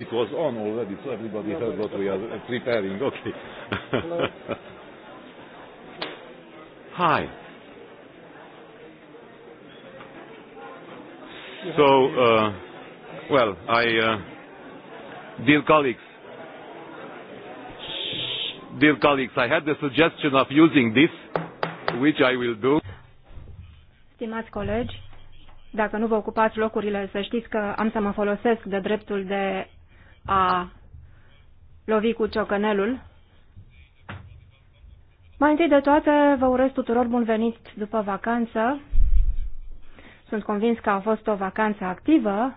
It was on already, so everybody yeah, heard what we are preparing. Okay. Hi. So, uh, well, I, uh, dear colleagues, dear colleagues, I had the suggestion of using this, which I will do. Stimați colegi, dacă nu vă ocupați locurile, să știți că am să mă folosesc de dreptul de a lovi cu ciocănelul. Mai întâi de toate, vă urez tuturor bun venit după vacanță. Sunt convins că a fost o vacanță activă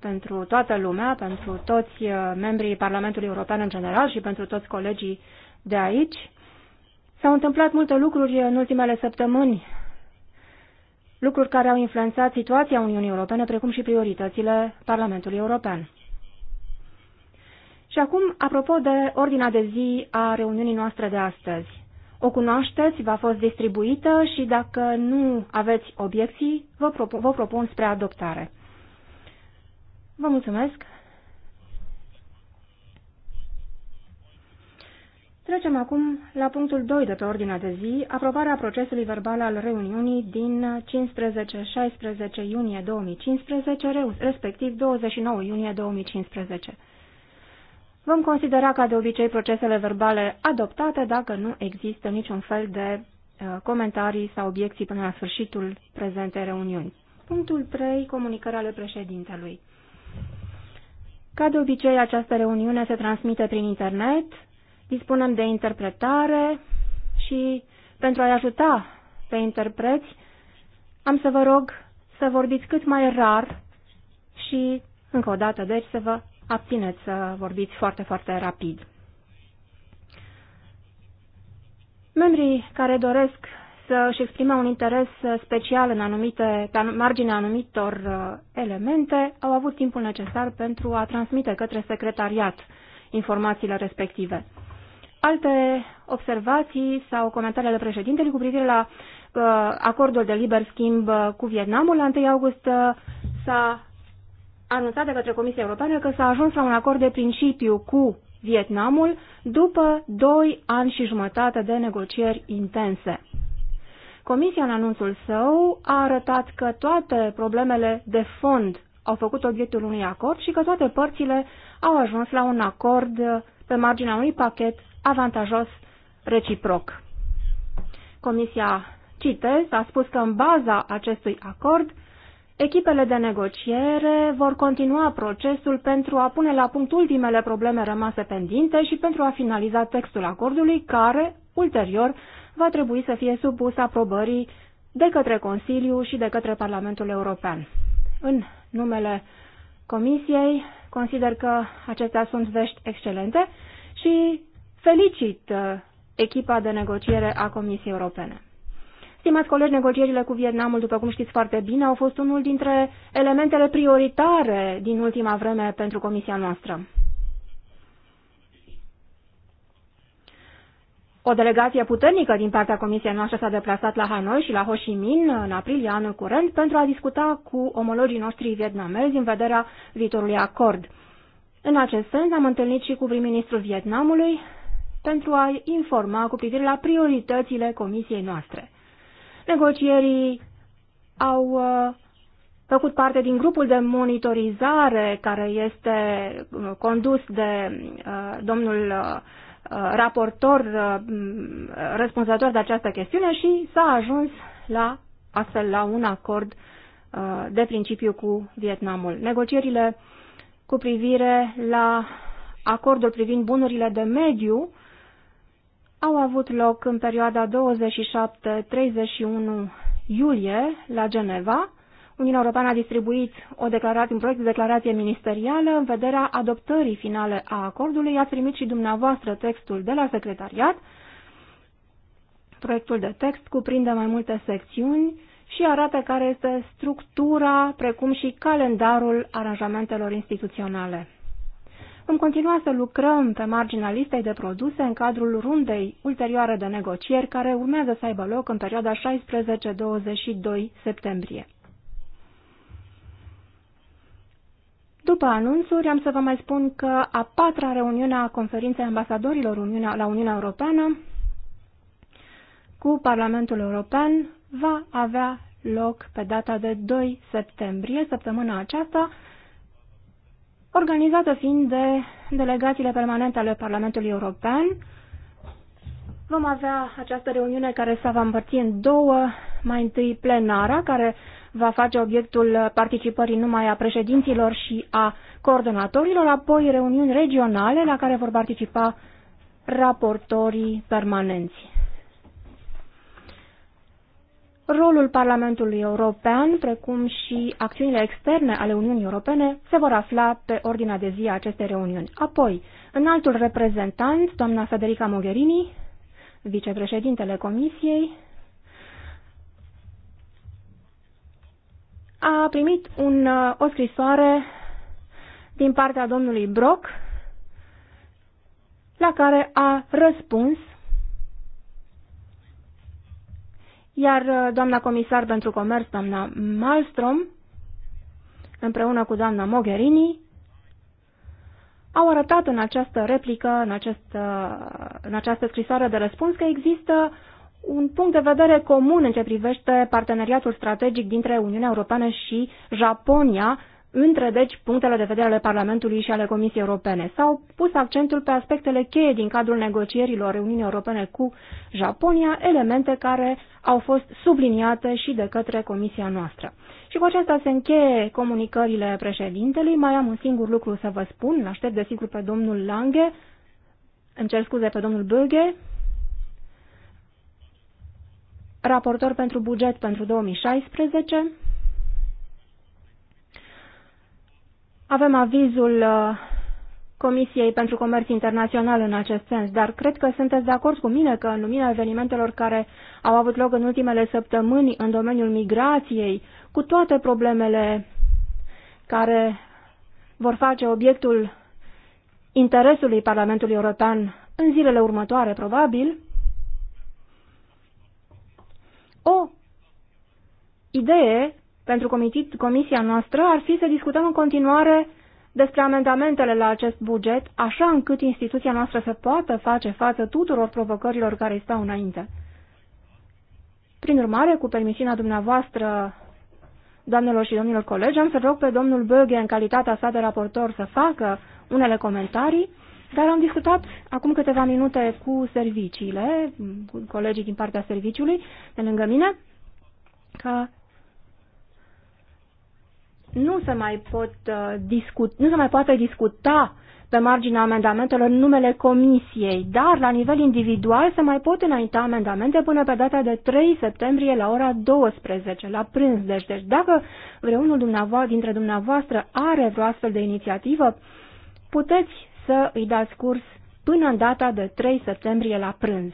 pentru toată lumea, pentru toți uh, membrii Parlamentului European în general și pentru toți colegii de aici. S-au întâmplat multe lucruri în ultimele săptămâni, lucruri care au influențat situația Uniunii Europene, precum și prioritățile Parlamentului European. Și acum, apropo de ordinea de zi a reuniunii noastre de astăzi. O cunoașteți, v-a fost distribuită și dacă nu aveți obiecții, vă propun, vă propun spre adoptare. Vă mulțumesc! Trecem acum la punctul 2 de pe ordinea de zi, aprobarea procesului verbal al reuniunii din 15-16 iunie 2015, respectiv 29 iunie 2015. Vom considera ca de obicei procesele verbale adoptate dacă nu există niciun fel de uh, comentarii sau obiecții până la sfârșitul prezentei reuniuni. Punctul 3. Comunicarea ale președintelui. Ca de obicei, această reuniune se transmite prin internet, dispunem de interpretare și pentru a-i ajuta pe interpreți, am să vă rog să vorbiți cât mai rar și, încă o dată, deci, să vă abțineți să vorbiți foarte, foarte rapid. Membrii care doresc să își exprime un interes special în anumite, pe marginea anumitor uh, elemente, au avut timpul necesar pentru a transmite către secretariat informațiile respective. Alte observații sau comentarii ale președintelui cu privire la uh, acordul de liber schimb uh, cu Vietnamul, la 1 august uh, s-a anunțat de către Comisia Europeană că s-a ajuns la un acord de principiu cu Vietnamul după doi ani și jumătate de negocieri intense. Comisia în anunțul său a arătat că toate problemele de fond au făcut obiectul unui acord și că toate părțile au ajuns la un acord pe marginea unui pachet avantajos reciproc. Comisia CITES a spus că în baza acestui acord Echipele de negociere vor continua procesul pentru a pune la punct ultimele probleme rămase pendinte și pentru a finaliza textul acordului care, ulterior, va trebui să fie supus aprobării de către Consiliu și de către Parlamentul European. În numele Comisiei, consider că acestea sunt vești excelente și felicit uh, echipa de negociere a Comisiei Europene. Stimați colegi, negocierile cu Vietnamul, după cum știți foarte bine, au fost unul dintre elementele prioritare din ultima vreme pentru comisia noastră. O delegație puternică din partea comisiei noastre s-a deplasat la Hanoi și la Ho Chi Minh în aprilie anul curent pentru a discuta cu omologii noștri vietnamezi în vederea viitorului acord. În acest sens am întâlnit și cu prim-ministrul Vietnamului pentru a informa cu privire la prioritățile comisiei noastre. Negocierii au uh, făcut parte din grupul de monitorizare care este uh, condus de uh, domnul raportor mm, răspunzător de această chestiune și s-a ajuns la astfel la un acord de principiu cu Vietnamul. Negocierile cu privire la acordul privind bunurile de mediu au avut loc în perioada 27-31 iulie la Geneva. Uniunea Europeană a distribuit o declarație, un proiect de declarație ministerială în vederea adoptării finale a acordului. Ați primit și dumneavoastră textul de la secretariat. Proiectul de text cuprinde mai multe secțiuni și arată care este structura, precum și calendarul aranjamentelor instituționale. Vom continua să lucrăm pe marginea listei de produse în cadrul rundei ulterioare de negocieri care urmează să aibă loc în perioada 16-22 septembrie. După anunțuri, am să vă mai spun că a patra reuniune a conferinței ambasadorilor Uniunea, la Uniunea Europeană cu Parlamentul European va avea loc pe data de 2 septembrie, săptămâna aceasta, organizată fiind de delegațiile permanente ale Parlamentului European. Vom avea această reuniune care se va împărți în două, mai întâi plenara, care va face obiectul participării numai a președinților și a coordonatorilor, apoi reuniuni regionale la care vor participa raportorii permanenți rolul Parlamentului European, precum și acțiunile externe ale Uniunii Europene, se vor afla pe ordinea de zi a acestei reuniuni. Apoi, în altul reprezentant, doamna Federica Mogherini, vicepreședintele Comisiei, a primit un, uh, o scrisoare din partea domnului Brock, la care a răspuns Iar uh, doamna comisar pentru comerț, doamna Malmström, împreună cu doamna Mogherini, au arătat în această replică, în, acest, uh, în această scrisoare de răspuns, că există un punct de vedere comun în ce privește parteneriatul strategic dintre Uniunea Europeană și Japonia între, deci, punctele de vedere ale Parlamentului și ale Comisiei Europene. S-au pus accentul pe aspectele cheie din cadrul negocierilor Uniunii Europene cu Japonia, elemente care au fost subliniate și de către Comisia noastră. Și cu aceasta se încheie comunicările președintelui. Mai am un singur lucru să vă spun. L aștept, desigur, pe domnul Lange. Îmi cer scuze pe domnul Böge, raportor pentru buget pentru 2016 Avem avizul uh, Comisiei pentru Comerț Internațional în acest sens, dar cred că sunteți de acord cu mine că în lumina evenimentelor care au avut loc în ultimele săptămâni în domeniul migrației, cu toate problemele care vor face obiectul interesului Parlamentului European în zilele următoare, probabil, o idee pentru comisia noastră ar fi să discutăm în continuare despre amendamentele la acest buget, așa încât instituția noastră să poată face față tuturor provocărilor care îi stau înainte. Prin urmare, cu permisiunea dumneavoastră, doamnelor și domnilor colegi, am să rog pe domnul Böge, în calitatea sa de raportor, să facă unele comentarii, dar am discutat acum câteva minute cu serviciile, cu colegii din partea serviciului, de lângă mine, că nu se mai pot uh, discut, nu se mai poate discuta pe marginea amendamentelor numele comisiei, dar la nivel individual se mai pot înainta amendamente până pe data de 3 septembrie la ora 12, la prânz. Deci, deci dacă vreunul dumneavoastră, dintre dumneavoastră are vreo astfel de inițiativă, puteți să îi dați curs până în data de 3 septembrie la prânz.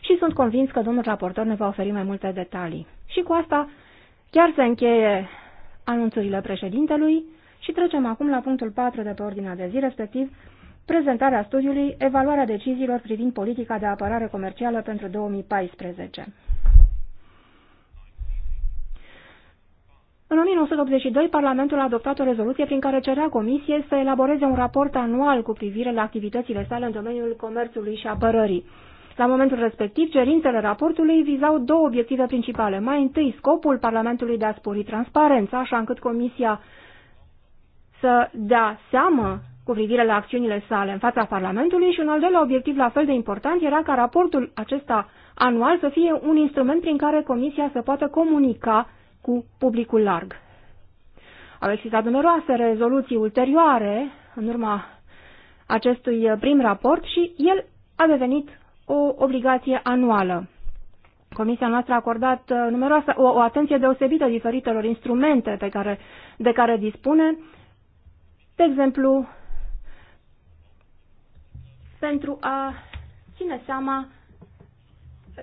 Și sunt convins că domnul raportor ne va oferi mai multe detalii. Și cu asta chiar se încheie anunțurile președintelui și trecem acum la punctul 4 de pe ordinea de zi, respectiv prezentarea studiului Evaluarea deciziilor privind politica de apărare comercială pentru 2014. În 1982, Parlamentul a adoptat o rezoluție prin care cerea Comisiei să elaboreze un raport anual cu privire la activitățile sale în domeniul comerțului și apărării. La momentul respectiv, cerințele raportului vizau două obiective principale. Mai întâi, scopul Parlamentului de a spori transparența, așa încât Comisia să dea seamă cu privire la acțiunile sale în fața Parlamentului și un al doilea obiectiv la fel de important era ca raportul acesta anual să fie un instrument prin care Comisia să poată comunica cu publicul larg. Au existat numeroase rezoluții ulterioare în urma acestui prim raport și el a devenit o obligație anuală. Comisia noastră a acordat uh, numeroasă, o, o atenție deosebită diferitelor instrumente pe care, de care dispune, de exemplu, pentru a ține seama,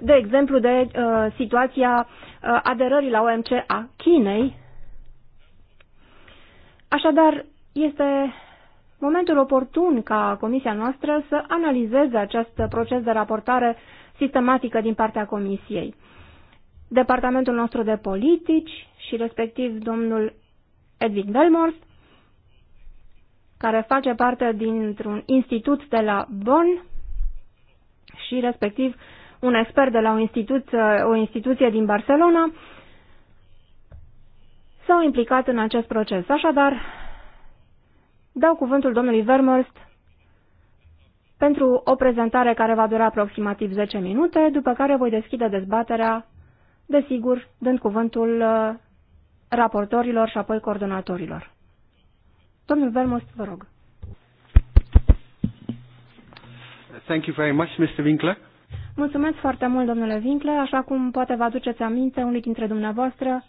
de exemplu, de uh, situația uh, aderării la OMC a Chinei. Așadar, este momentul oportun ca comisia noastră să analizeze acest proces de raportare sistematică din partea comisiei. Departamentul nostru de politici și respectiv domnul Edwin Belmors, care face parte dintr-un institut de la Bonn și respectiv un expert de la o instituție, o instituție din Barcelona, s-au implicat în acest proces. Așadar, Dau cuvântul domnului Vermurst pentru o prezentare care va dura aproximativ 10 minute, după care voi deschide dezbaterea, desigur, dând cuvântul uh, raportorilor și apoi coordonatorilor. Domnul Vermurst, vă rog. Thank you very much, Mr. Winkler. Mulțumesc foarte mult, domnule Winkler. Așa cum poate vă aduceți aminte, unii dintre dumneavoastră,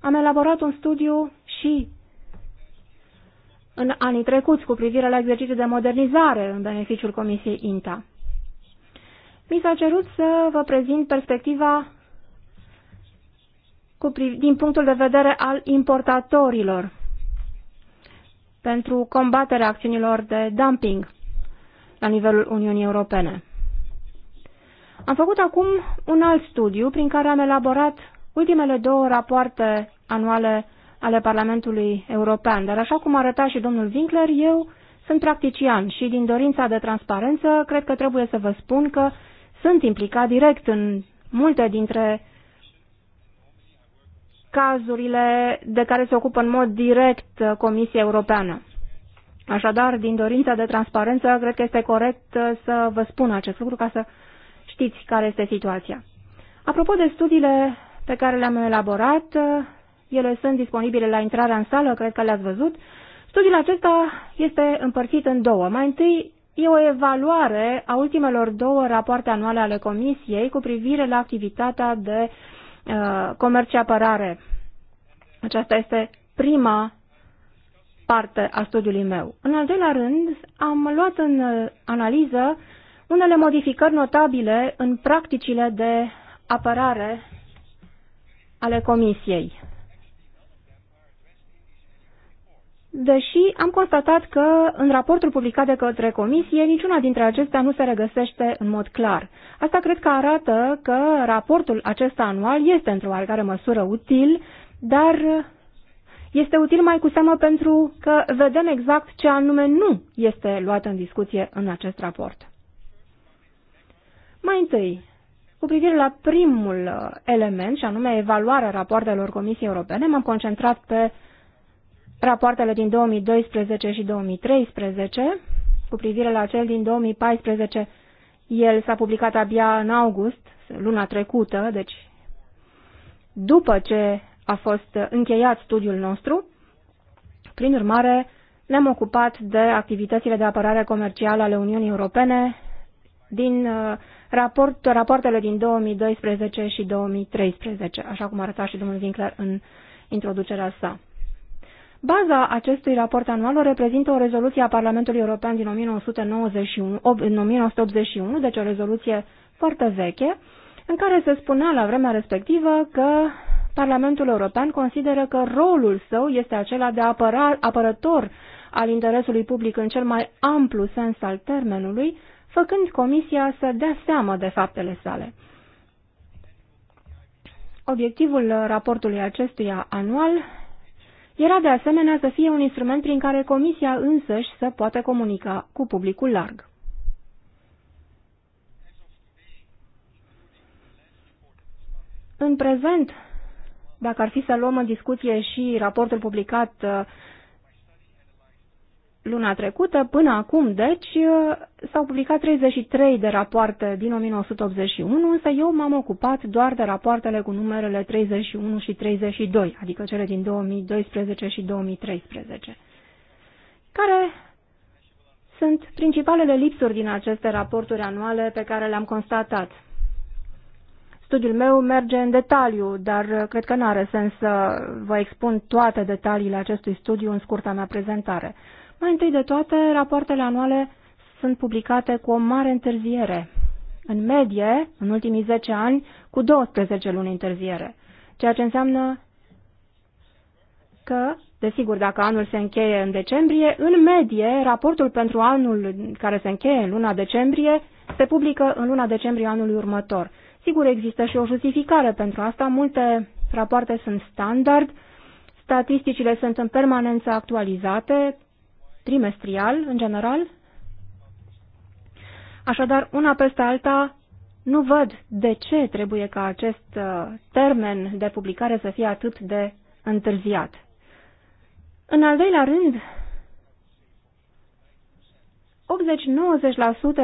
am elaborat un studiu și în anii trecuți cu privire la exerciții de modernizare în beneficiul Comisiei INTA. Mi s-a cerut să vă prezint perspectiva cu, din punctul de vedere al importatorilor pentru combaterea acțiunilor de dumping la nivelul Uniunii Europene. Am făcut acum un alt studiu prin care am elaborat ultimele două rapoarte anuale ale Parlamentului European, dar așa cum arăta și domnul Winkler, eu sunt practician și din dorința de transparență cred că trebuie să vă spun că sunt implicat direct în multe dintre cazurile de care se ocupă în mod direct Comisia Europeană. Așadar, din dorința de transparență, cred că este corect să vă spun acest lucru ca să știți care este situația. Apropo de studiile pe care le-am elaborat, ele sunt disponibile la intrarea în sală, cred că le-ați văzut. Studiul acesta este împărțit în două. Mai întâi e o evaluare a ultimelor două rapoarte anuale ale Comisiei cu privire la activitatea de uh, comerț și apărare. Aceasta este prima parte a studiului meu. În al doilea rând, am luat în uh, analiză unele modificări notabile în practicile de apărare ale Comisiei. deși am constatat că în raportul publicat de către comisie niciuna dintre acestea nu se regăsește în mod clar. Asta cred că arată că raportul acesta anual este într-o oarecare măsură util, dar este util mai cu seamă pentru că vedem exact ce anume nu este luat în discuție în acest raport. Mai întâi, cu privire la primul uh, element, și anume evaluarea rapoartelor Comisiei Europene, m-am concentrat pe rapoartele din 2012 și 2013, cu privire la cel din 2014, el s-a publicat abia în august, luna trecută, deci după ce a fost încheiat studiul nostru. Prin urmare, ne-am ocupat de activitățile de apărare comercială ale Uniunii Europene din uh, raport, rapoartele din 2012 și 2013, așa cum arăta și domnul Winkler în introducerea sa. Baza acestui raport anual o reprezintă o rezoluție a Parlamentului European din 1991, 1981, deci o rezoluție foarte veche, în care se spunea la vremea respectivă că Parlamentul European consideră că rolul său este acela de apăra, apărător al interesului public în cel mai amplu sens al termenului, făcând Comisia să dea seamă de faptele sale. Obiectivul raportului acestuia anual era de asemenea să fie un instrument prin care Comisia însăși să poată comunica cu publicul larg. În prezent, dacă ar fi să luăm în discuție și raportul publicat uh, luna trecută, până acum, deci, uh, s-au publicat 33 de rapoarte din 1981, însă eu m-am ocupat doar de rapoartele cu numerele 31 și 32, adică cele din 2012 și 2013, care sunt principalele lipsuri din aceste raporturi anuale pe care le-am constatat. Studiul meu merge în detaliu, dar cred că nu are sens să vă expun toate detaliile acestui studiu în scurta mea prezentare. Mai întâi de toate, rapoartele anuale sunt publicate cu o mare întârziere. În medie, în ultimii 10 ani, cu 12 luni întârziere. Ceea ce înseamnă că, desigur, dacă anul se încheie în decembrie, în medie, raportul pentru anul care se încheie în luna decembrie se publică în luna decembrie anului următor. Sigur, există și o justificare pentru asta. Multe rapoarte sunt standard, statisticile sunt în permanență actualizate, trimestrial, în general. Așadar, una peste alta, nu văd de ce trebuie ca acest uh, termen de publicare să fie atât de întârziat. În al doilea rând,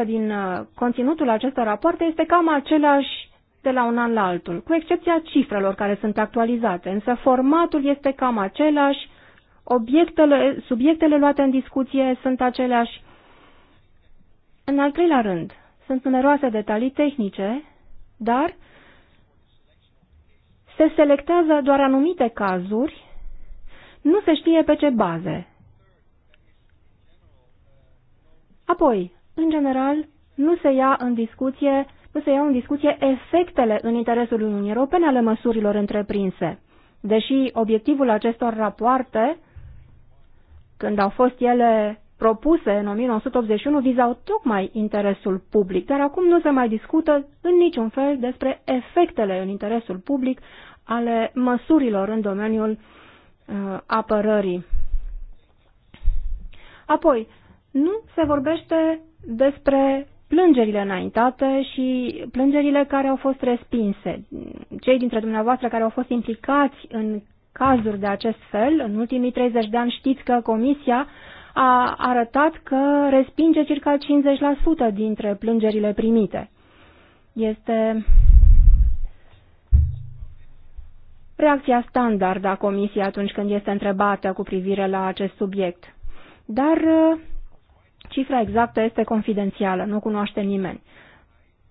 80-90% din uh, conținutul acestor rapoarte este cam același de la un an la altul, cu excepția cifrelor care sunt actualizate, însă formatul este cam același, obiectele, subiectele luate în discuție sunt aceleași. În al treilea rând, sunt numeroase detalii tehnice, dar se selectează doar anumite cazuri, nu se știe pe ce baze. Apoi, în general, nu se ia în discuție, nu se iau în discuție efectele în interesul Uniunii Europene ale măsurilor întreprinse. Deși obiectivul acestor rapoarte când au fost ele propuse în 1981, vizau tocmai interesul public, dar acum nu se mai discută în niciun fel despre efectele în interesul public ale măsurilor în domeniul uh, apărării. Apoi, nu se vorbește despre plângerile înaintate și plângerile care au fost respinse. Cei dintre dumneavoastră care au fost implicați în cazuri de acest fel. În ultimii 30 de ani știți că Comisia a arătat că respinge circa 50% dintre plângerile primite. Este reacția standard a Comisiei atunci când este întrebată cu privire la acest subiect. Dar uh, cifra exactă este confidențială, nu cunoaște nimeni.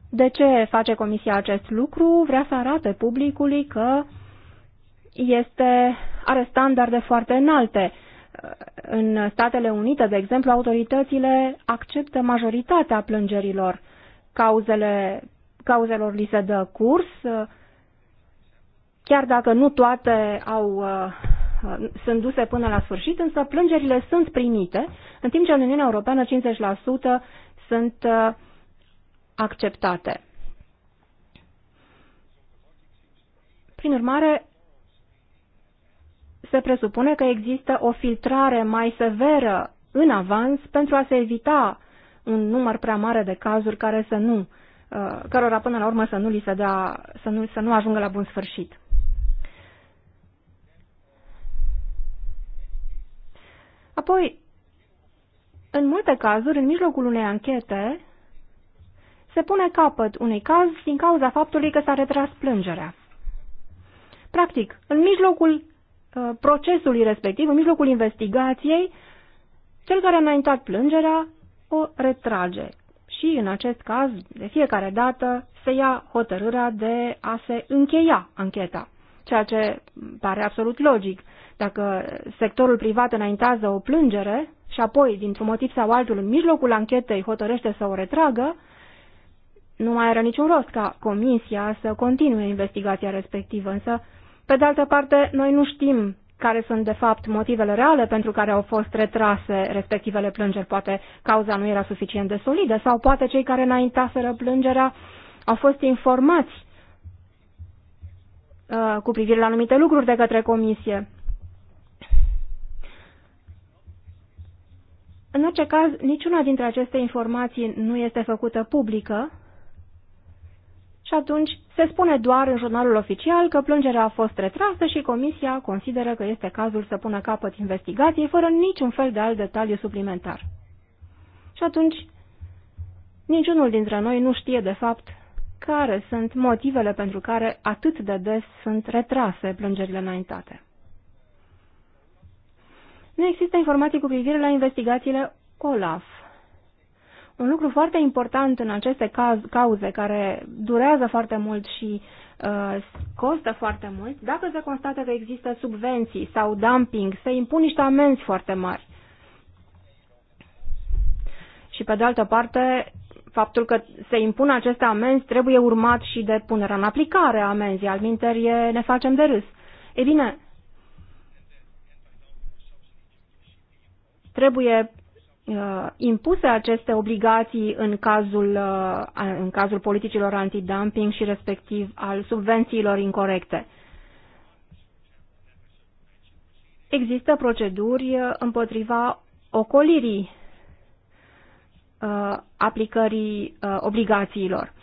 De ce face Comisia acest lucru? Vrea să arate publicului că este, are standarde foarte înalte. În Statele Unite, de exemplu, autoritățile acceptă majoritatea plângerilor. Cauzele, cauzelor li se dă curs, chiar dacă nu toate au, sunt duse până la sfârșit, însă plângerile sunt primite, în timp ce în Uniunea Europeană 50% sunt acceptate. Prin urmare, se presupune că există o filtrare mai severă în avans pentru a se evita un număr prea mare de cazuri care să nu, uh, cărora până la urmă să nu, li se dea, să nu, să nu ajungă la bun sfârșit. Apoi, în multe cazuri, în mijlocul unei anchete, se pune capăt unui caz din cauza faptului că s-a retras plângerea. Practic, în mijlocul Uh, procesului respectiv, în mijlocul investigației, cel care a înaintat plângerea o retrage. Și în acest caz, de fiecare dată, se ia hotărârea de a se încheia ancheta, ceea ce pare absolut logic. Dacă sectorul privat înaintează o plângere și apoi, dintr-un motiv sau altul, în mijlocul anchetei hotărăște să o retragă, nu mai are niciun rost ca comisia să continue investigația respectivă, însă pe de altă parte, noi nu știm care sunt de fapt motivele reale pentru care au fost retrase respectivele plângeri. Poate cauza nu era suficient de solidă sau poate cei care înaintaseră plângerea au fost informați uh, cu privire la anumite lucruri de către comisie. În orice caz, niciuna dintre aceste informații nu este făcută publică și atunci se spune doar în jurnalul oficial că plângerea a fost retrasă și comisia consideră că este cazul să pună capăt investigației fără niciun fel de alt detaliu suplimentar. Și atunci, niciunul dintre noi nu știe de fapt care sunt motivele pentru care atât de des sunt retrase plângerile înaintate. Nu există informații cu privire la investigațiile OLAF, un lucru foarte important în aceste caz, cauze care durează foarte mult și uh, costă foarte mult, dacă se constată că există subvenții sau dumping, se impun niște amenzi foarte mari. Și pe de altă parte, faptul că se impun aceste amenzi trebuie urmat și de punerea în aplicare a amenzii, al minterie ne facem de râs. E bine, trebuie Uh, impuse aceste obligații în cazul, uh, în cazul politicilor antidumping și respectiv al subvențiilor incorrecte. Există proceduri uh, împotriva ocolirii aplicării obligațiilor.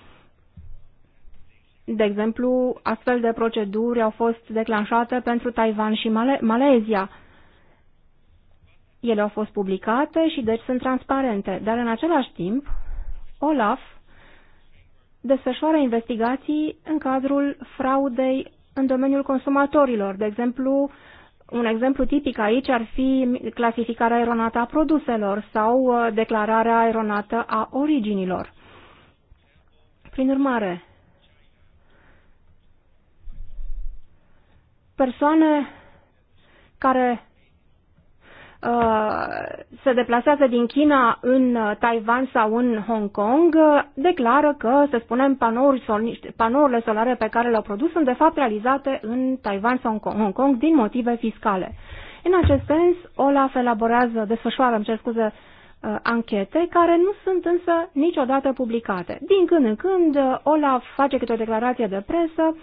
De exemplu, astfel de proceduri au fost declanșate pentru Taiwan și Male Malezia. Ele au fost publicate și deci sunt transparente, dar în același timp, Olaf desfășoară investigații în cadrul fraudei în domeniul consumatorilor. De exemplu, un exemplu tipic aici ar fi clasificarea eronată a produselor sau uh, declararea eronată a originilor. Prin urmare, persoane care Uh, se deplasează din China în uh, Taiwan sau în Hong Kong, uh, declară că, să spunem, panouri, panourile solare pe care le-au produs sunt de fapt realizate în Taiwan sau în Hong Kong din motive fiscale. În acest sens, OLAF elaborează, desfășoară, îmi cer scuze, anchete care nu sunt însă niciodată publicate. Din când în când, OLAF face câte o declarație de presă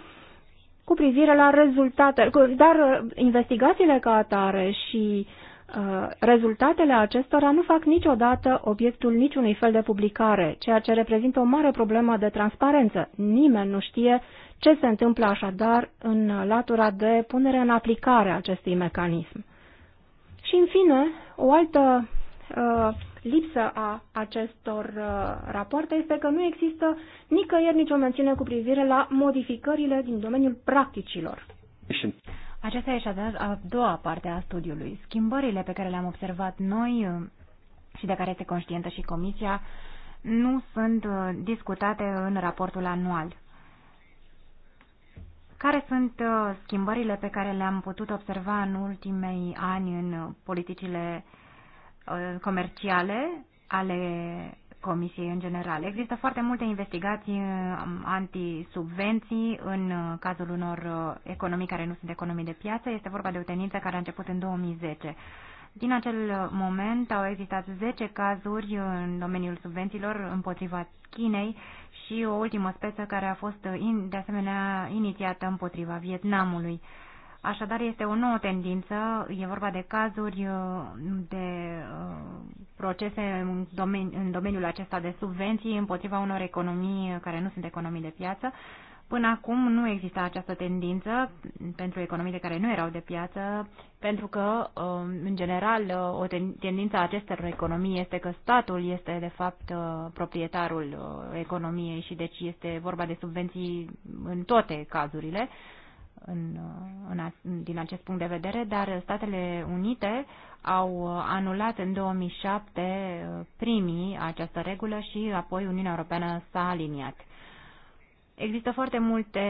cu privire la rezultate, dar investigațiile ca atare și uh, Uh, rezultatele acestora nu fac niciodată obiectul niciunui fel de publicare, ceea ce reprezintă o mare problemă de transparență. Nimeni nu știe ce se întâmplă așadar în latura de punere în aplicare a acestui mecanism. Și, în fine, o altă uh, lipsă a acestor uh, rapoarte este că nu există nicăieri nicio mențiune cu privire la modificările din domeniul practicilor. Aceasta e așadar a doua parte a studiului. Schimbările pe care le-am observat noi uh, și de care este conștientă și Comisia nu sunt uh, discutate în raportul anual. Care sunt uh, schimbările pe care le-am putut observa în ultimei ani în politicile comerciale ale Comisiei în general. Există foarte multe investigații um, antisubvenții în uh, cazul unor uh, economii care nu sunt economii de piață. Este vorba de o tendință care a început în 2010. Din acel moment au existat 10 cazuri uh, în domeniul subvențiilor împotriva Chinei și o ultimă speță care a fost de asemenea inițiată împotriva Vietnamului. Așadar, este o nouă tendință, e vorba de cazuri uh, de uh, procese în, domeniul acesta de subvenții împotriva unor economii care nu sunt economii de piață. Până acum nu exista această tendință pentru economiile care nu erau de piață, pentru că, uh, în general, o tendință a acestor economii este că statul este, de fapt, proprietarul economiei și deci este vorba de subvenții în toate cazurile în, în, din acest punct de vedere, dar Statele Unite au anulat în 2007 uh, primii această regulă și apoi Uniunea Europeană s-a aliniat. Există foarte multe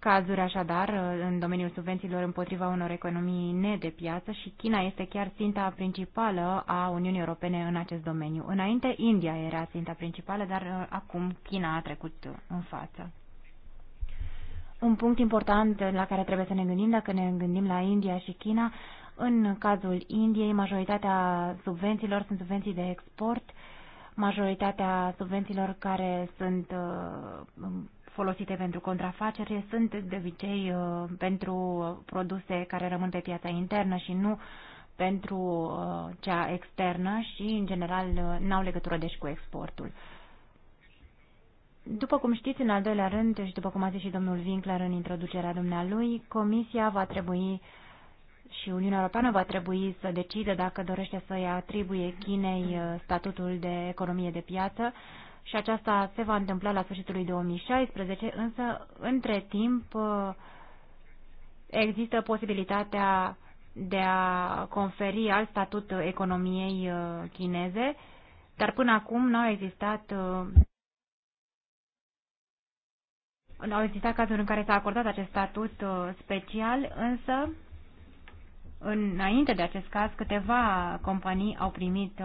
cazuri așadar uh, în domeniul subvențiilor împotriva unor economii ne-de piață și China este chiar ținta principală a Uniunii Europene în acest domeniu. Înainte India era ținta principală, dar uh, acum China a trecut în față. Un punct important la care trebuie să ne gândim dacă ne gândim la India și China, în cazul Indiei, majoritatea subvențiilor sunt subvenții de export, majoritatea subvențiilor care sunt uh, folosite pentru contrafacere sunt de obicei uh, pentru produse care rămân pe piața internă și nu pentru uh, cea externă și, în general, n-au legătură deci cu exportul. După cum știți, în al doilea rând, și după cum a zis și domnul Winkler în introducerea dumnealui, Comisia va trebui și Uniunea Europeană va trebui să decide dacă dorește să-i atribuie Chinei uh, statutul de economie de piață și aceasta se va întâmpla la sfârșitul lui 2016, însă între timp uh, există posibilitatea de a conferi alt statut economiei uh, chineze, dar până acum nu au existat au existat cazuri în care s-a acordat acest statut uh, special, însă înainte de acest caz câteva companii au primit uh,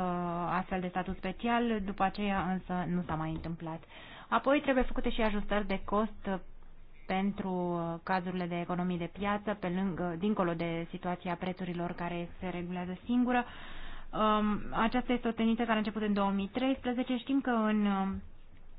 astfel de statut special, după aceea însă nu s-a mai întâmplat. Apoi trebuie făcute și ajustări de cost pentru uh, cazurile de economii de piață, pe lângă, dincolo de situația prețurilor care se regulează singură. Um, aceasta este o tendință care a început în 2013. Știm că în um,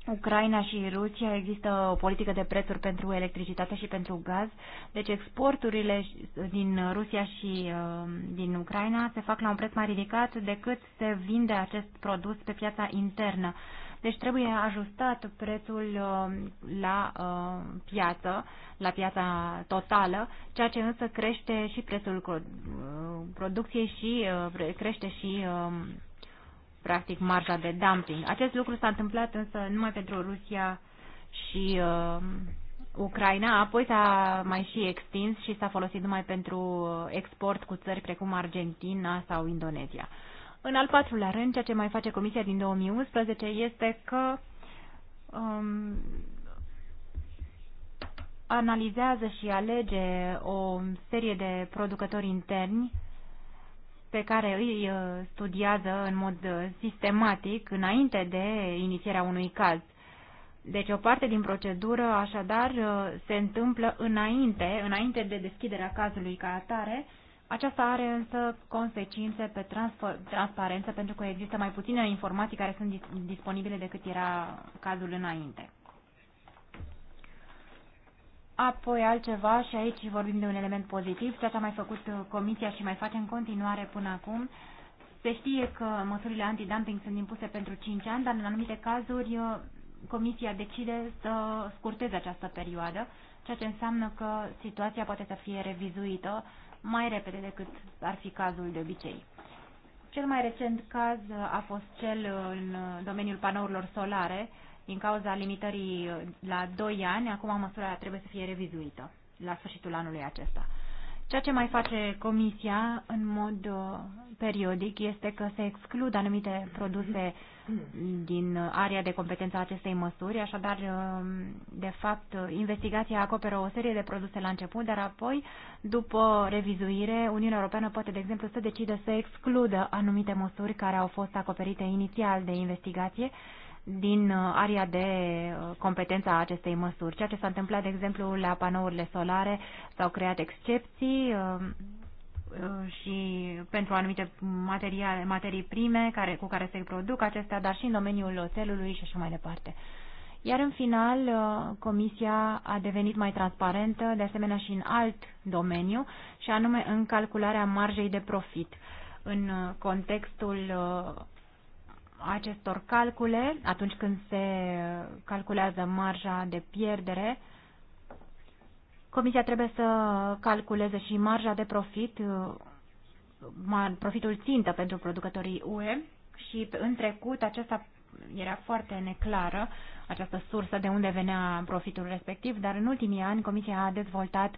Ucraina și Rusia există o politică de prețuri pentru electricitate și pentru gaz, deci exporturile din Rusia și uh, din Ucraina se fac la un preț mai ridicat decât se vinde acest produs pe piața internă. Deci trebuie ajustat prețul uh, la uh, piață, la piața totală, ceea ce însă crește și prețul producției și crește și um, practic marja de dumping. Acest lucru s-a întâmplat însă numai pentru Rusia și uh, Ucraina, apoi s-a mai și extins și s-a folosit numai pentru uh, export cu țări precum Argentina sau Indonezia. În al patrulea rând, ceea ce mai face Comisia din 2011 este că um, analizează și alege o serie de producători interni pe care îi uh, studiază în mod uh, sistematic înainte de inițierea unui caz. Deci o parte din procedură așadar uh, se întâmplă înainte, înainte de deschiderea cazului ca atare. Aceasta are însă consecințe pe transparență pentru că există mai puține informații care sunt disponibile decât era cazul înainte. Apoi altceva, și aici vorbim de un element pozitiv, ceea ce a mai făcut uh, Comisia și mai face în continuare până acum. Se știe că măsurile antidumping sunt impuse pentru 5 ani, dar în anumite cazuri uh, Comisia decide să scurteze această perioadă, ceea ce înseamnă că situația poate să fie revizuită mai repede decât ar fi cazul de obicei. Cel mai recent caz uh, a fost cel în domeniul panourilor solare, din cauza limitării uh, la 2 ani, acum măsura trebuie să fie revizuită la sfârșitul anului acesta. Ceea ce mai face Comisia în mod uh, periodic este că se exclud anumite produse din area de competență a acestei măsuri, așadar, uh, de fapt, investigația acoperă o serie de produse la început, dar apoi, după revizuire, Uniunea Europeană poate, de exemplu, să decide să excludă anumite măsuri care au fost acoperite inițial de investigație din uh, area de uh, competență a acestei măsuri. Ceea ce s-a întâmplat, de exemplu, la panourile solare s-au creat excepții uh, și pentru anumite materiale, materii prime care, cu care se produc acestea, dar și în domeniul oțelului și așa mai departe. Iar în final, comisia a devenit mai transparentă, de asemenea și în alt domeniu, și anume în calcularea marjei de profit. În contextul acestor calcule, atunci când se calculează marja de pierdere, comisia trebuie să calculeze și marja de profit, profitul țintă pentru producătorii UE și în trecut aceasta era foarte neclară, această sursă de unde venea profitul respectiv, dar în ultimii ani comisia a dezvoltat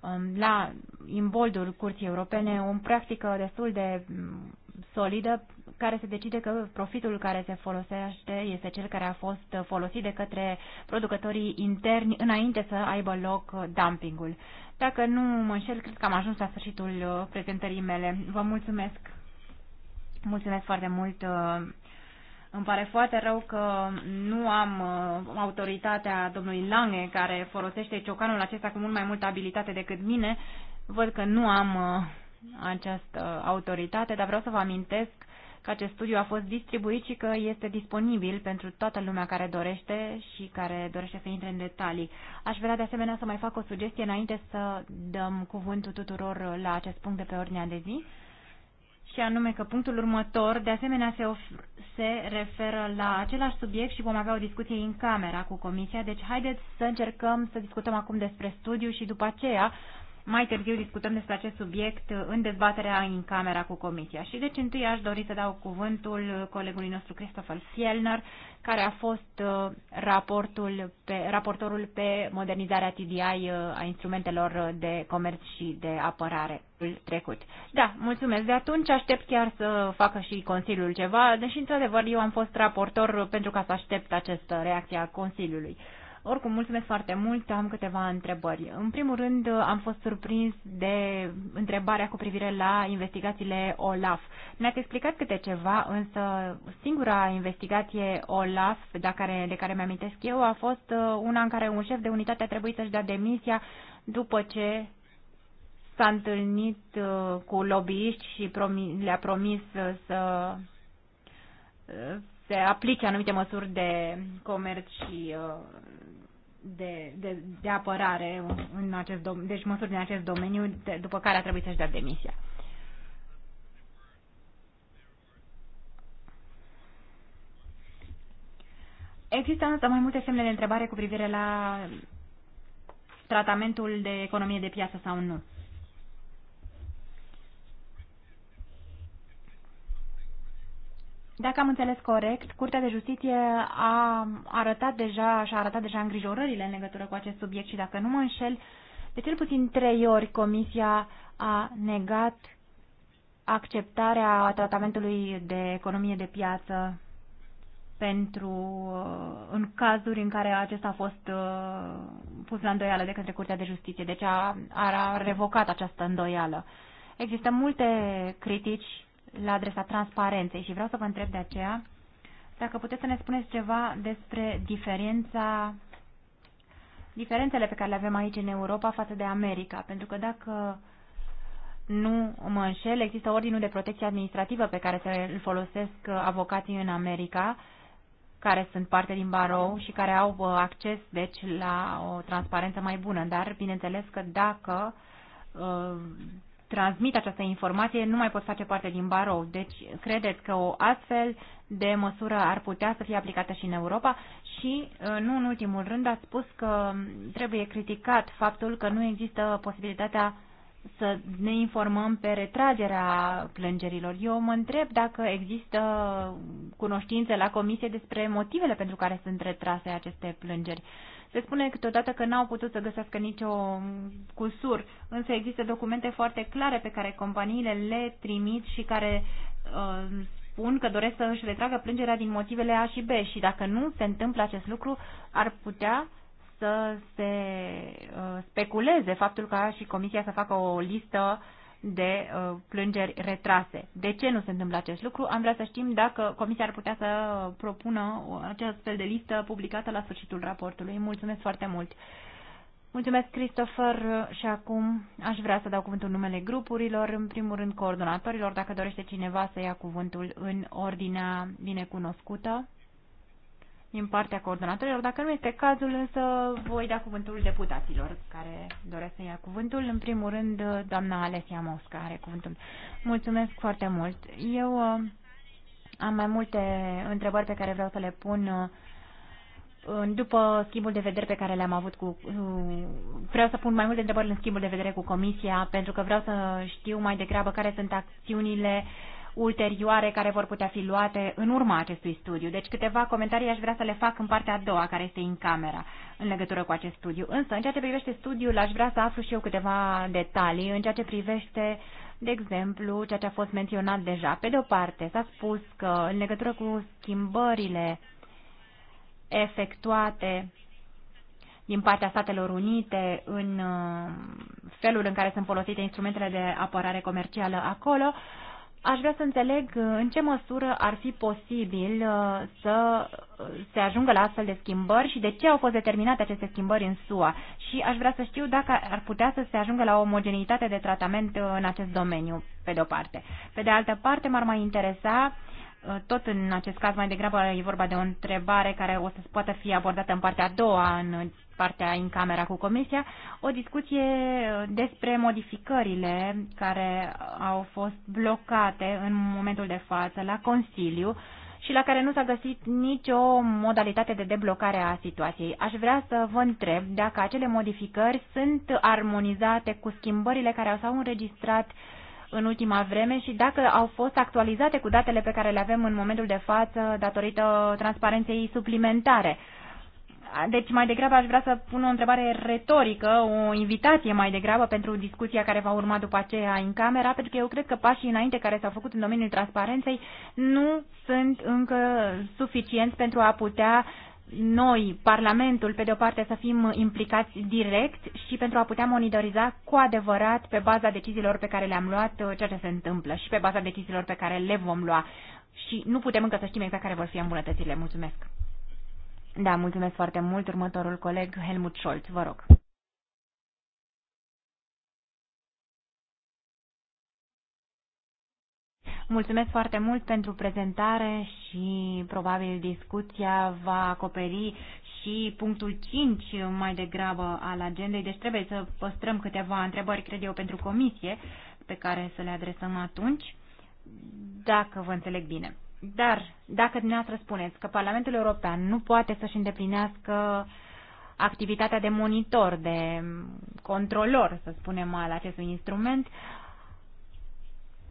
um, la imboldul Curții Europene o practică destul de solidă care se decide că profitul care se folosește este cel care a fost folosit de către producătorii interni înainte să aibă loc dumpingul. Dacă nu mă înșel, cred că am ajuns la sfârșitul uh, prezentării mele. Vă mulțumesc! Mulțumesc foarte mult! Uh, îmi pare foarte rău că nu am uh, autoritatea domnului Lange, care folosește ciocanul acesta cu mult mai multă abilitate decât mine. Văd că nu am această autoritate, dar vreau să vă amintesc că acest studiu a fost distribuit și că este disponibil pentru toată lumea care dorește și care dorește să intre în detalii. Aș vrea de asemenea să mai fac o sugestie înainte să dăm cuvântul tuturor la acest punct de pe ordinea de zi și anume că punctul următor de asemenea se, se referă la același subiect și vom avea o discuție în camera cu comisia, deci haideți să încercăm să discutăm acum despre studiu și după aceea mai târziu discutăm despre acest subiect în dezbaterea în camera cu Comisia. Și deci întâi aș dori să dau cuvântul colegului nostru Christopher Fielner, care a fost uh, raportul pe, raportorul pe modernizarea TDI uh, a instrumentelor de comerț și de apărare trecut. Da, mulțumesc. De atunci aștept chiar să facă și Consiliul ceva, deși într-adevăr eu am fost raportor pentru ca să aștept această reacție a Consiliului. Oricum, mulțumesc foarte mult, am câteva întrebări. În primul rând, am fost surprins de întrebarea cu privire la investigațiile OLAF. Ne-ați explicat câte ceva, însă singura investigație OLAF de care, de care mi-amintesc eu a fost uh, una în care un șef de unitate a trebuit să-și dea demisia după ce s-a întâlnit uh, cu lobbyiști și le-a promis uh, să se aplice anumite măsuri de comerț și uh, de, de, de apărare în acest domeniu, deci măsuri din acest domeniu, de, după care a trebuit să-și dea demisia. Există însă mai multe semne de întrebare cu privire la tratamentul de economie de piață sau nu. Dacă am înțeles corect, Curtea de Justiție a arătat deja, și-a arătat deja îngrijorările în legătură cu acest subiect și dacă nu mă înșel, de cel puțin trei ori Comisia a negat acceptarea tratamentului de economie de piață pentru uh, în cazuri în care acesta a fost uh, pus la îndoială de către Curtea de Justiție, deci a, a revocat această îndoială. Există multe critici la adresa transparenței și vreau să vă întreb de aceea dacă puteți să ne spuneți ceva despre diferența, diferențele pe care le avem aici în Europa față de America. Pentru că dacă nu mă înșel, există ordinul de protecție administrativă pe care se îl folosesc uh, avocații în America, care sunt parte din barou și care au uh, acces, deci, la o transparență mai bună. Dar, bineînțeles că dacă uh, transmit această informație nu mai pot face parte din barou. Deci credeți că o astfel de măsură ar putea să fie aplicată și în Europa? Și, uh, nu în ultimul rând, ați spus că trebuie criticat faptul că nu există posibilitatea să ne informăm pe retragerea plângerilor. Eu mă întreb dacă există cunoștințe la comisie despre motivele pentru care sunt retrase aceste plângeri. Se spune câteodată că n-au putut să găsească nicio cusur, însă există documente foarte clare pe care companiile le trimit și care uh, spun că doresc să își retragă plângerea din motivele A și B și dacă nu se întâmplă acest lucru, ar putea să se uh, speculeze faptul că și comisia să facă o listă de uh, plângeri retrase. De ce nu se întâmplă acest lucru? Am vrea să știm dacă Comisia ar putea să propună acest fel de listă publicată la sfârșitul raportului. Mulțumesc foarte mult! Mulțumesc, Christopher, și acum aș vrea să dau cuvântul numele grupurilor, în primul rând coordonatorilor, dacă dorește cineva să ia cuvântul în ordinea binecunoscută din partea coordonatorilor. Dacă nu este cazul, însă voi da cuvântul deputaților care doresc să ia cuvântul. În primul rând, doamna Alesia Mosca are cuvântul. Mulțumesc foarte mult. Eu uh, am mai multe întrebări pe care vreau să le pun uh, după schimbul de vedere pe care le-am avut cu... Vreau să pun mai multe întrebări în schimbul de vedere cu Comisia, pentru că vreau să știu mai degrabă care sunt acțiunile uh, ulterioare care vor putea fi luate în urma acestui studiu. Deci câteva comentarii aș vrea să le fac în partea a doua, care este în camera, în legătură cu acest studiu. Însă, în ceea ce privește studiul, aș vrea să aflu și eu câteva detalii în ceea ce privește de exemplu, ceea ce a fost menționat deja. Pe de o parte, s-a spus că în legătură cu schimbările efectuate din partea Statelor Unite în uh, felul în care sunt folosite instrumentele de apărare comercială acolo, Aș vrea să înțeleg uh, în ce măsură ar fi posibil uh, să uh, se ajungă la astfel de schimbări și de ce au fost determinate aceste schimbări în SUA și aș vrea să știu dacă ar putea să se ajungă la o omogenitate de tratament în acest domeniu, pe de o parte. Pe de altă parte, m-ar mai interesa uh, Uh, tot în acest caz mai degrabă e vorba de o întrebare care o să poată fi abordată în partea a doua, în partea în camera cu comisia, o discuție uh, despre modificările care au fost blocate în momentul de față la Consiliu și la care nu s-a găsit nicio modalitate de deblocare a situației. Aș vrea să vă întreb dacă acele modificări sunt armonizate cu schimbările care s-au înregistrat uh, în ultima vreme și dacă au fost actualizate cu datele pe care le avem în momentul de față datorită transparenței suplimentare. Deci mai degrabă aș vrea să pun o întrebare retorică, o invitație mai degrabă pentru discuția care va urma după aceea în camera, pentru că eu cred că pașii înainte care s-au făcut în domeniul transparenței nu sunt încă suficienți pentru a putea noi, Parlamentul, pe de-o parte, să fim implicați direct și pentru a putea monitoriza cu adevărat pe baza deciziilor pe care le-am luat uh, ceea ce se întâmplă și pe baza deciziilor pe care le vom lua. Și nu putem încă să știm exact care vor fi îmbunătățile. Mulțumesc! Da, mulțumesc foarte mult. Următorul coleg, Helmut Scholz, vă rog. Mulțumesc foarte mult pentru prezentare și probabil discuția va acoperi și punctul 5 mai degrabă al agendei, deci trebuie să păstrăm câteva întrebări, cred eu, pentru comisie pe care să le adresăm atunci, dacă vă înțeleg bine. Dar dacă dumneavoastră spuneți că Parlamentul European nu poate să-și îndeplinească activitatea de monitor, de controlor, să spunem, al acestui instrument, uh,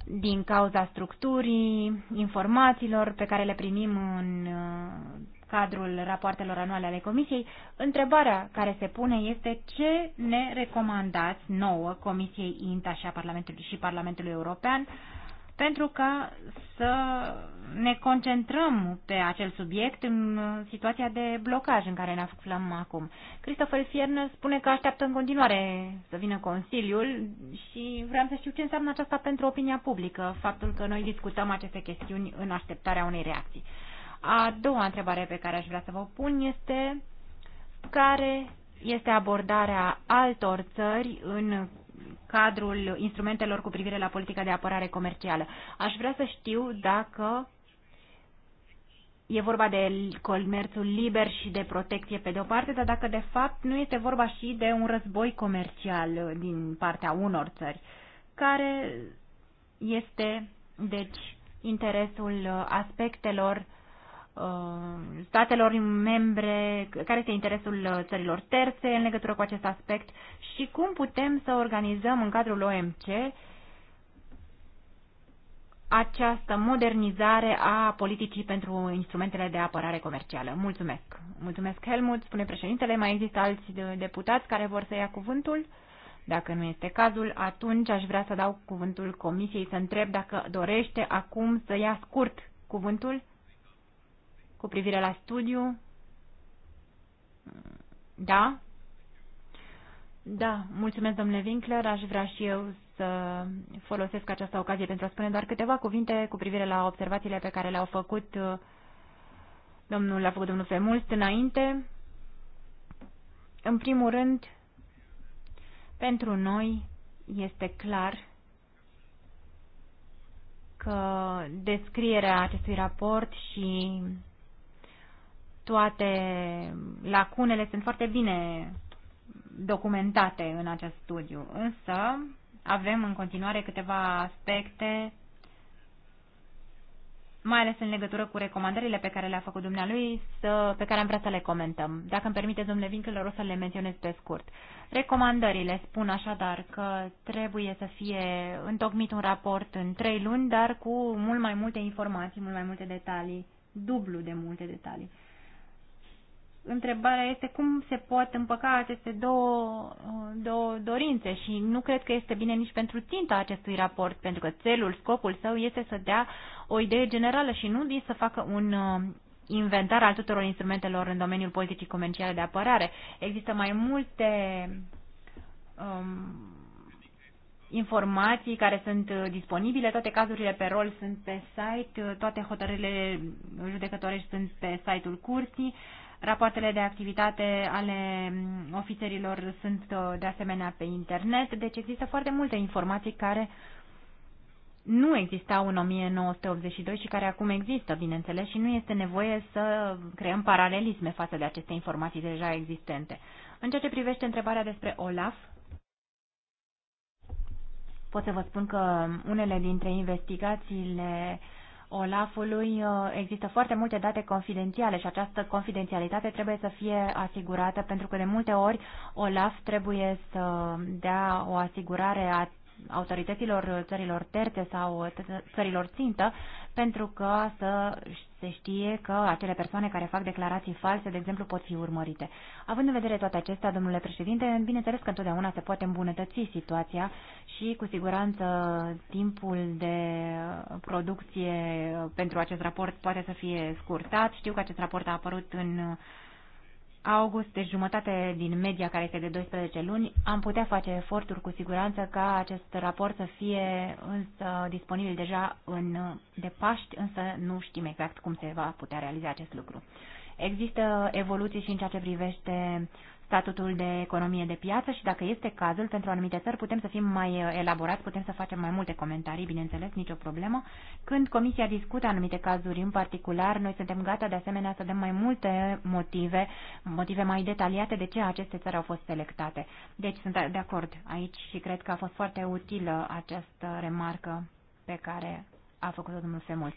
din cauza structurii, informațiilor pe care le primim în uh, cadrul rapoartelor anuale ale Comisiei, întrebarea care se pune este ce ne recomandați nouă Comisiei INTA și a Parlamentului și Parlamentului European pentru ca să ne concentrăm pe acel subiect în uh, situația de blocaj în care ne aflăm acum. Christopher Fierner spune că așteaptă în continuare să vină Consiliul și vreau să știu ce înseamnă aceasta pentru opinia publică, faptul că noi discutăm aceste chestiuni în așteptarea unei reacții. A doua întrebare pe care aș vrea să vă pun este care este abordarea altor țări în cadrul instrumentelor cu privire la politica de apărare comercială. Aș vrea să știu dacă e vorba de comerțul liber și de protecție pe de-o parte, dar dacă de fapt nu este vorba și de un război comercial din partea unor țări, care este, deci, interesul aspectelor uh, Uh, statelor membre, care este interesul uh, țărilor terțe în legătură cu acest aspect și cum putem să organizăm în cadrul OMC această modernizare a politicii pentru instrumentele de apărare comercială. Mulțumesc. Mulțumesc, Helmut, spune președintele. Mai există alți deputați care vor să ia cuvântul? Dacă nu este cazul, atunci aș vrea să dau cuvântul comisiei să întreb dacă dorește acum să ia scurt cuvântul cu privire la studiu? Da? Da, mulțumesc domnule Winkler, aș vrea și eu să folosesc această ocazie pentru a spune doar câteva cuvinte cu privire la observațiile pe care le-au făcut uh, domnul, le-a făcut domnul Femulst înainte. În primul rând, pentru noi este clar că descrierea acestui raport și toate lacunele sunt foarte bine documentate în acest studiu, însă avem în continuare câteva aspecte, mai ales în legătură cu recomandările pe care le-a făcut dumnealui, să, pe care am vrea să le comentăm. Dacă îmi permite, domnule Winkler, o să le menționez pe scurt. Recomandările spun așadar că trebuie să fie întocmit un raport în trei luni, dar cu mult mai multe informații, mult mai multe detalii, dublu de multe detalii întrebarea este cum se pot împăca aceste două, două dorințe și nu cred că este bine nici pentru ținta acestui raport, pentru că țelul, scopul său este să dea o idee generală și nu să facă un uh, inventar al tuturor instrumentelor în domeniul politicii comerciale de apărare. Există mai multe um, informații care sunt uh, disponibile, toate cazurile pe rol sunt pe site, uh, toate hotărârile judecătorești sunt pe site-ul curții. Uh, Rapoartele de activitate ale mm, ofițerilor sunt uh, de asemenea pe internet, deci există foarte multe informații care nu existau în 1982 și care acum există, bineînțeles, și nu este nevoie să creăm paralelisme față de aceste informații deja existente. În ceea ce privește întrebarea despre OLAF, pot să vă spun că unele dintre investigațiile uh, Olafului uh, există foarte multe date confidențiale și această confidențialitate trebuie să fie asigurată pentru că de multe ori Olaf trebuie să dea o asigurare a autorităților țărilor terțe sau țărilor țintă pentru că să se știe că acele persoane care fac declarații false, de exemplu, pot fi urmărite. Având în vedere toate acestea, domnule președinte, bineînțeles că întotdeauna se poate îmbunătăți situația și, cu siguranță, timpul de uh, producție uh, pentru acest raport poate să fie scurtat. Știu că acest raport a apărut în uh, august, deci jumătate din media care este de 12 luni, am putea face eforturi cu siguranță ca acest raport să fie însă disponibil deja în, de Paști, însă nu știm exact cum se va putea realiza acest lucru. Există evoluții și în ceea ce privește statutul de economie de piață și dacă este cazul, pentru anumite țări putem să fim mai uh, elaborați, putem să facem mai multe comentarii, bineînțeles, nicio problemă. Când Comisia discută anumite cazuri în particular, noi suntem gata de asemenea să dăm mai multe motive, motive mai detaliate de ce aceste țări au fost selectate. Deci sunt de acord aici și cred că a fost foarte utilă această remarcă pe care a făcut-o domnul Semult.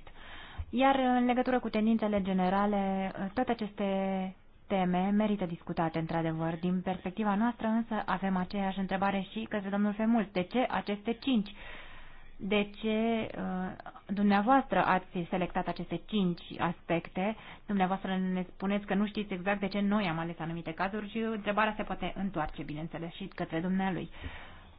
Iar în legătură cu tendințele generale, toate aceste teme merită discutate, într-adevăr. Din perspectiva noastră, însă, avem aceeași întrebare și către domnul Femult. De ce aceste cinci? De ce uh, dumneavoastră ați selectat aceste cinci aspecte? Dumneavoastră ne spuneți că nu știți exact de ce noi am ales anumite cazuri și întrebarea se poate întoarce, bineînțeles, și către dumnealui. Uh,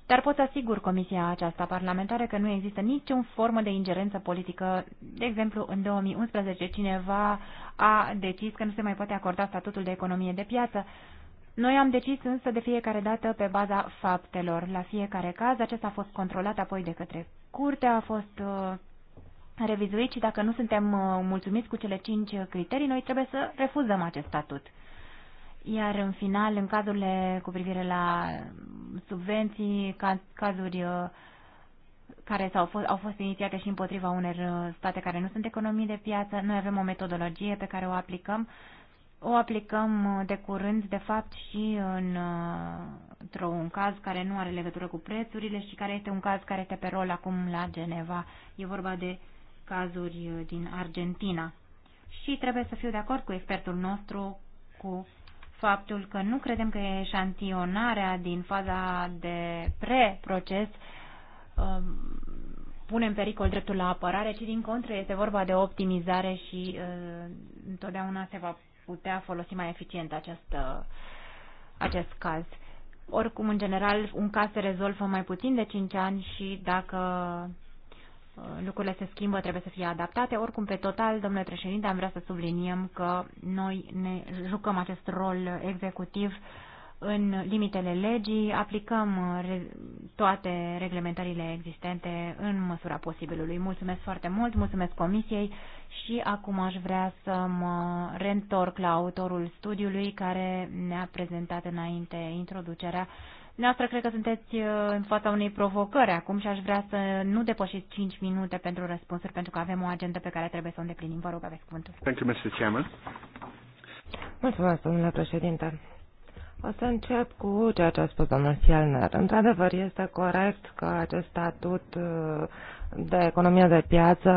dar pot să asigur Comisia aceasta parlamentară că nu există niciun formă de ingerență politică. De exemplu, în 2011 cineva a decis că nu se mai poate acorda statutul de economie de piață. Noi am decis însă de fiecare dată pe baza faptelor. La fiecare caz, acesta a fost controlat apoi de către curte, a fost uh, revizuit și dacă nu suntem uh, mulțumiți cu cele cinci criterii, noi trebuie să refuzăm acest statut. Iar în final, în cazurile cu privire la subvenții, cazuri uh, care s-au fost, au fost inițiate și împotriva unor uh, state care nu sunt economii de piață, noi avem o metodologie pe care o aplicăm. O aplicăm uh, de curând, de fapt, și în, într-un caz care nu are legătură cu prețurile și care este un caz care este pe rol acum la Geneva. E vorba de cazuri din Argentina. Și trebuie să fiu de acord cu expertul nostru, cu faptul că nu credem că eșantionarea din faza de pre-proces um, pune în pericol dreptul la apărare, ci din contră este vorba de optimizare și uh, întotdeauna se va putea folosi mai eficient acest, uh, acest caz. Oricum, în general, un caz se rezolvă mai puțin de 5 ani și dacă lucrurile se schimbă, trebuie să fie adaptate. Oricum, pe total, domnule președinte, am vrea să subliniem că noi ne jucăm acest rol executiv în limitele legii, aplicăm toate reglementările existente în măsura posibilului. Mulțumesc foarte mult, mulțumesc Comisiei și acum aș vrea să mă reîntorc la autorul studiului care ne-a prezentat înainte introducerea Noastră cred că sunteți uh, în fața unei provocări acum și aș vrea să nu depășiți 5 minute pentru răspunsuri, pentru că avem o agendă pe care trebuie să o îndeplinim. Vă rog, aveți cuvântul. Thank you, Mr. Chairman. Mulțumesc, domnule președinte. O să încep cu ceea ce a spus domnul Fielner. Într-adevăr, este corect că acest statut uh, de economie de piață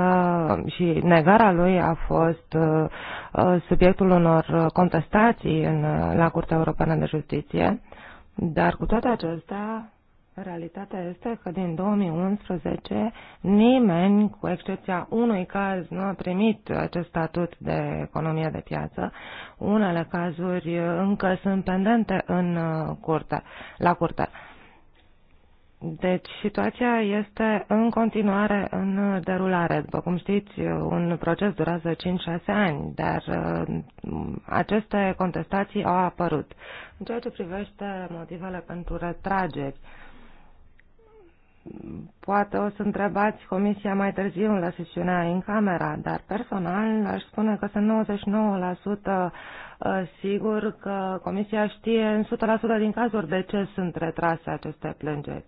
și negarea lui a fost uh, subiectul unor contestații în, la Curtea Europeană de Justiție dar cu toate acestea, realitatea este că din 2011 nimeni, cu excepția unui caz, nu a primit acest statut de economie de piață. Unele cazuri încă sunt pendente în uh, curte, la curte. Deci situația este în continuare în derulare. După cum știți, un proces durează 5-6 ani, dar mm, aceste contestații au apărut. În ceea ce privește motivele pentru retrageri, poate o să întrebați comisia mai târziu la sesiunea în camera, dar personal aș spune că sunt 99% uh, sigur că comisia știe în 100% din cazuri de ce sunt retrase aceste plângeri.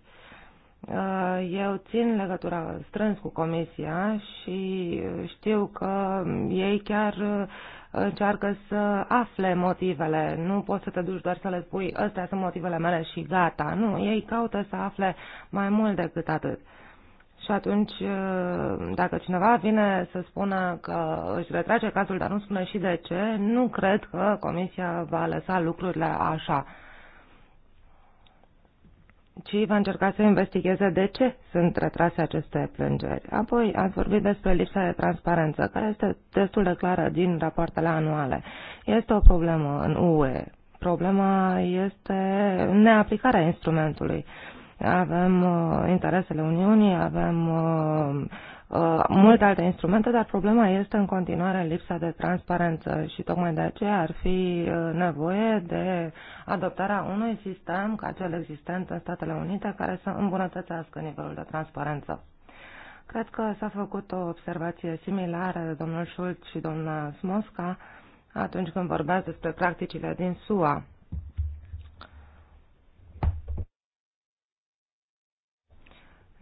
Uh, eu țin legătura strâns cu Comisia și știu că ei chiar uh, încearcă să afle motivele. Nu poți să te duci doar să le spui, astea sunt motivele mele și gata. Nu, ei caută să afle mai mult decât atât. Și atunci, uh, dacă cineva vine să spună că își retrage cazul, dar nu spune și de ce, nu cred că Comisia va lăsa lucrurile așa ci va încerca să investigheze de ce sunt retrase aceste plângeri. Apoi ați vorbit despre lipsa de transparență, care este destul de clară din rapoartele anuale. Este o problemă în UE. Problema este neaplicarea instrumentului. Avem uh, interesele Uniunii, avem uh, Uh, multe alte instrumente, dar problema este în continuare lipsa de transparență și tocmai de aceea ar fi uh, nevoie de adoptarea unui sistem ca cel existent în Statele Unite care să îmbunătățească nivelul de transparență. Cred că s-a făcut o observație similară de domnul Schulz și doamna Smosca atunci când vorbeați despre practicile din SUA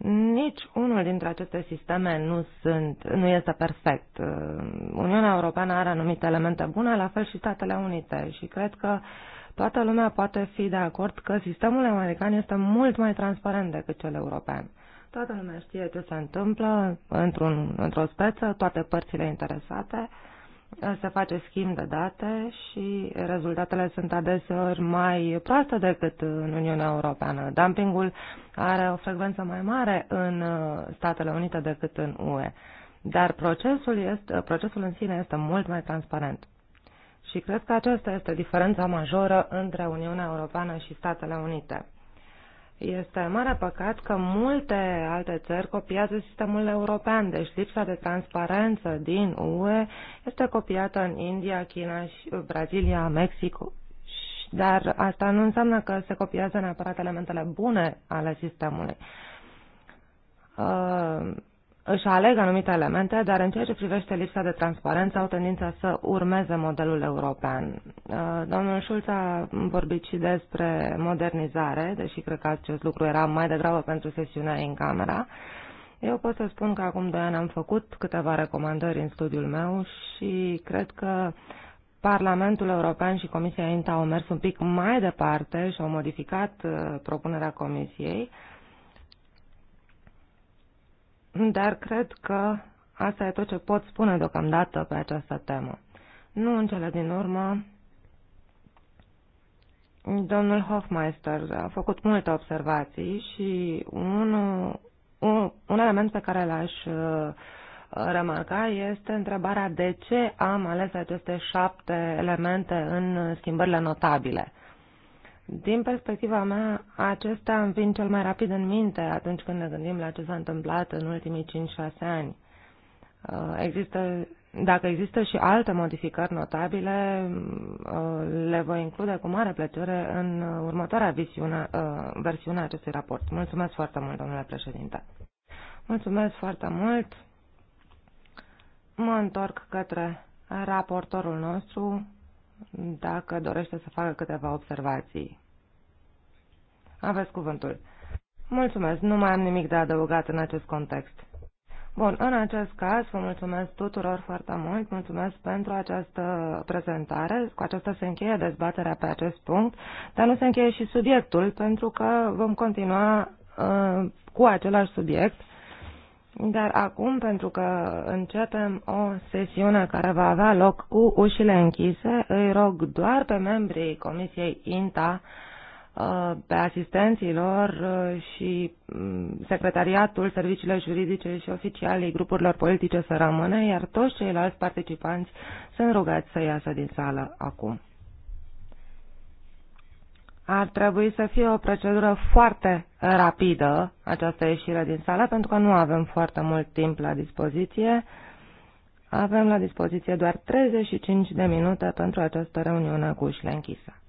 Nici unul dintre aceste sisteme nu, sunt, nu este perfect. Uniunea Europeană are anumite elemente bune, la fel și Statele Unite și cred că toată lumea poate fi de acord că sistemul american este mult mai transparent decât cel european. Toată lumea știe ce se întâmplă într o într-o speță, toate părțile interesate se face schimb de date și rezultatele sunt adeseori mai proaste decât în Uniunea Europeană. Dumpingul are o frecvență mai mare în uh, Statele Unite decât în UE, dar procesul, este, procesul în sine este mult mai transparent. Și cred că aceasta este diferența majoră între Uniunea Europeană și Statele Unite. Este mare păcat că multe alte țări copiază sistemul european, deci lipsa de transparență din UE este copiată în India, China, și uh, Brazilia, Mexic, dar asta nu înseamnă că se copiază neapărat elementele bune ale sistemului. Uh, își aleg anumite elemente, dar în ceea ce privește lipsa de transparență au tendința să urmeze modelul european. Uh, domnul Schulz a vorbit și despre modernizare, deși cred că acest lucru era mai degrabă pentru sesiunea în camera. Eu pot să spun că acum doi ani am făcut câteva recomandări în studiul meu și cred că Parlamentul European și Comisia INTA au mers un pic mai departe și au modificat uh, propunerea Comisiei dar cred că asta e tot ce pot spune deocamdată pe această temă. Nu în cele din urmă, domnul Hofmeister a făcut multe observații și un, un, un element pe care l-aș uh, remarca este întrebarea de ce am ales aceste șapte elemente în schimbările notabile. Din perspectiva mea, acesta îmi vin cel mai rapid în minte atunci când ne gândim la ce s-a întâmplat în ultimii 5-6 ani. Uh, există, dacă există și alte modificări notabile, uh, le voi include cu mare plăcere în următoarea visiune, uh, versiune a acestui raport. Mulțumesc foarte mult, domnule președinte. Mulțumesc foarte mult. Mă întorc către raportorul nostru, dacă dorește să facă câteva observații. Aveți cuvântul. Mulțumesc, nu mai am nimic de adăugat în acest context. Bun, în acest caz vă mulțumesc tuturor foarte mult, mulțumesc pentru această prezentare, cu aceasta se încheie dezbaterea pe acest punct, dar nu se încheie și subiectul, pentru că vom continua uh, cu același subiect dar acum, pentru că începem o sesiune care va avea loc cu ușile închise, îi rog doar pe membrii Comisiei INTA, uh, pe asistenților uh, și mm, secretariatul, serviciile juridice și oficialii grupurilor politice să rămână, iar toți ceilalți participanți sunt rugați să iasă din sală acum ar trebui să fie o procedură foarte rapidă, această ieșire din sală, pentru că nu avem foarte mult timp la dispoziție. Avem la dispoziție doar 35 de minute pentru această reuniune cu ușile închise.